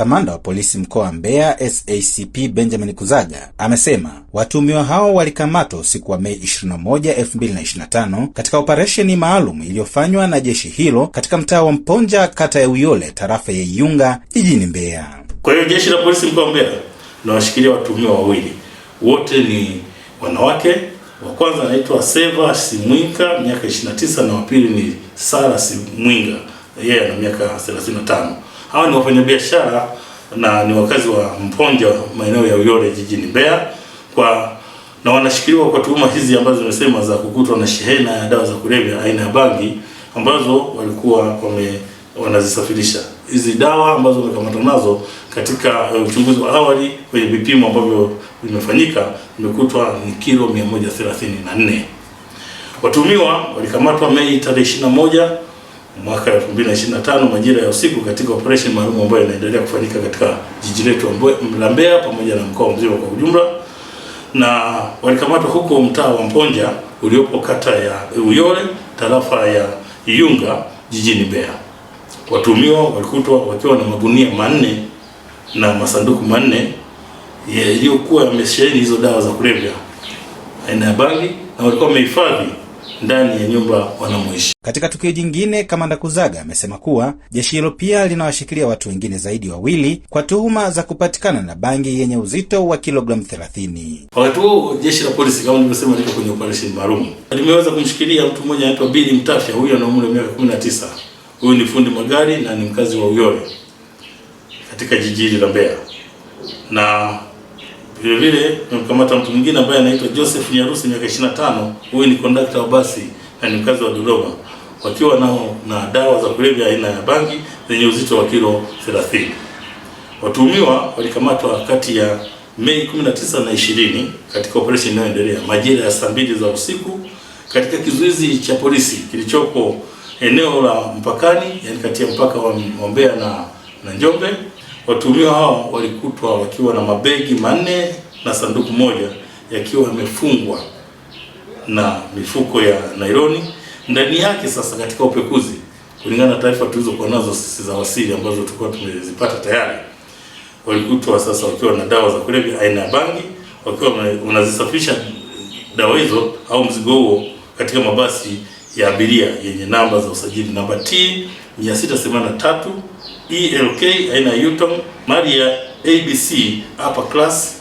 Kamanda wa polisi mkoa wa Mbeya SACP Benjamin Kuzaga amesema watuhumiwa hao walikamatwa usiku wa Mei 21, 2025 katika operesheni maalum iliyofanywa na jeshi hilo katika mtaa wa Mponja, kata ya Uyole, tarafa ya Iyunga, jijini Mbeya. Kwa hiyo jeshi la polisi mkoa wa Mbeya linawashikilia watuhumiwa wawili, wote ni wanawake. Wa kwanza anaitwa Seva Simwinga miaka 29 na wa pili ni Sara Simwinga yeye yeah, ana miaka 35. Hawa ni wafanyabiashara na ni wakazi wa Mponja maeneo ya Uyole jijini Mbeya kwa na wanashikiliwa kwa tuhuma hizi ambazo zimesema za kukutwa na shehena ya dawa za kulevya aina ya bangi ambazo walikuwa wame wanazisafirisha. Hizi dawa ambazo wamekamatwa nazo katika eh, uchunguzi wa awali kwenye vipimo ambavyo vimefanyika vimekutwa ni kilo 134. Watuhumiwa walikamatwa Mei tarehe 21 mwaka 2025 majira ya usiku katika operation maalum ambayo inaendelea kufanyika katika jiji letu la Mbeya pamoja na mkoa mzima kwa ujumla, na walikamatwa huko mtaa wa Mponja uliopo kata ya Uyole tarafa ya Iyunga jijini Mbeya. Watuhumiwa walikutwa wakiwa na magunia manne na masanduku manne yaliyokuwa yamesheheni hizo dawa za kulevya aina ya bangi na walikuwa wamehifadhi ndani ya nyumba wanamoishi. Katika tukio jingine, Kamanda Kuzaga amesema kuwa jeshi hilo pia linawashikilia watu wengine zaidi wawili kwa tuhuma za kupatikana na bangi yenye uzito wa kilogramu 30. Wakati huo jeshi la polisi kama nilivyosema, liko kwenye operesheni maalum, limeweza kumshikilia mtu mmoja anaitwa Bili Mtafya, huyo ana umri wa miaka 19. Huyu ni fundi magari na ni mkazi wa Uyole katika jiji hili la Mbeya na vile vile tumemkamata mtu mwingine ambaye anaitwa Joseph Nyarusi miaka 25, huyu ni kondakta wa basi na ni mkazi wa Dodoma, wakiwa nao na dawa za kulevya aina ya bangi zenye uzito wa kilo 30. Watuhumiwa walikamatwa kati ya Mei 19 na 20 katika operesheni inayoendelea majira ya saa mbili za usiku katika kizuizi cha polisi kilichoko eneo la mpakani, yani kati ya mpaka wa Mbeya na, na Njombe. Watuhumiwa hao walikutwa wakiwa na mabegi manne na sanduku moja yakiwa yamefungwa na mifuko ya nailoni ndani yake. Sasa katika upekuzi, kulingana na taarifa tulizokuwa nazo sisi za wasili ambazo tulikuwa tumezipata tayari, walikutwa sasa wakiwa na dawa za kulevya aina ya bangi, wakiwa wanazisafisha dawa hizo au mzigo huo katika mabasi ya abiria yenye namba za usajili namba T 683 ELK aina ya Yutong, ABC upper class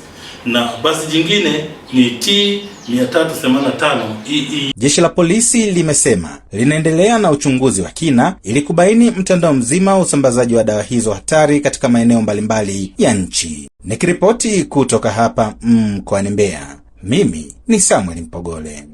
na basi jingine ni T 385 EE. Jeshi la polisi limesema linaendelea na uchunguzi wa kina ili kubaini mtandao mzima wa usambazaji wa dawa hizo hatari katika maeneo mbalimbali ya nchi. Nikiripoti kutoka hapa mkoani mm, Mbeya, mimi ni Samuel Mpogole.